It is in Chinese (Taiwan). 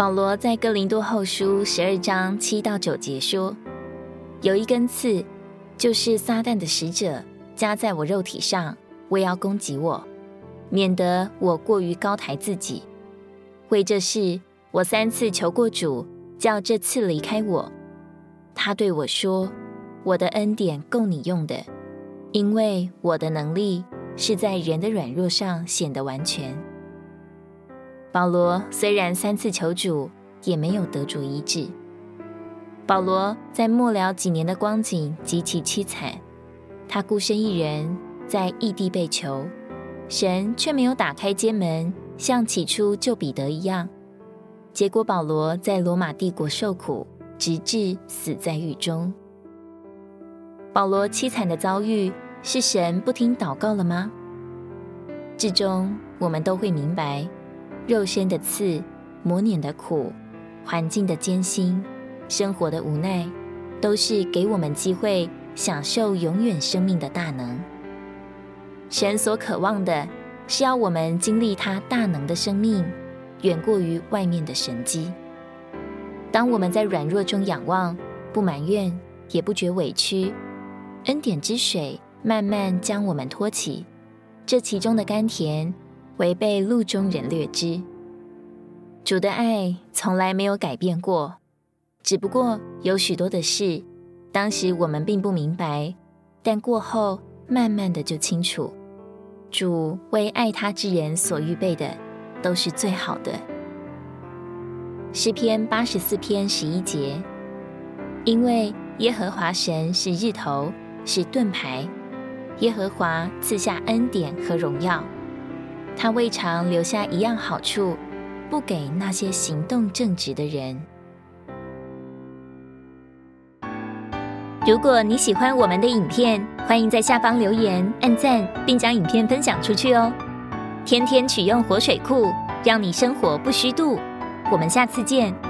保羅在哥林多後書十二章七到九節說：“有一根刺，就是撒但的使者，加在我肉體上，為要攻擊我，免得我過於高抬自己。為這事，我三次求過主，叫這刺離開我。祂對我說：‘我的恩典夠你用的，因為我的能力是在人的軟弱上顯得完全。’”保羅雖然三次求主，也沒有得主醫治。保羅在末了幾年的光景極其淒慘，他孤身一人在異地被囚，神卻沒有打開監門，像起初救彼得一樣。結果保羅在羅馬帝國受苦，直至死在獄中。保羅淒慘的遭遇，是神不聽禱告了嗎？至終我們都會明白。肉身的刺，磨碾的苦，環境的艱辛，生活的無奈，都是給我們機會享受永遠生命的大能。神所渴望的是要我們經歷他大能的生命，遠過於外面的神蹟。當我們在軟弱中仰望，不埋怨，也不覺委屈，恩典之水慢慢將我們托起，這其中的甘甜。違背路中人略知，主的愛從來沒有改變過。只不過有許多的事，當時我們並不明白，但過後慢慢的就清楚。主為愛他之人所預備的，都是最好的。詩篇八十四篇十一節，因為耶和華神是日頭，是盾牌。耶和華賜下恩典和榮耀。他未嘗留下一樣好處，不給那些行動正直的人。如果你喜歡我們的影片，歡迎在下方留言、按讚，並將影片分享出去哦。天天取用活水庫，讓你生活不虛度。我們下次見。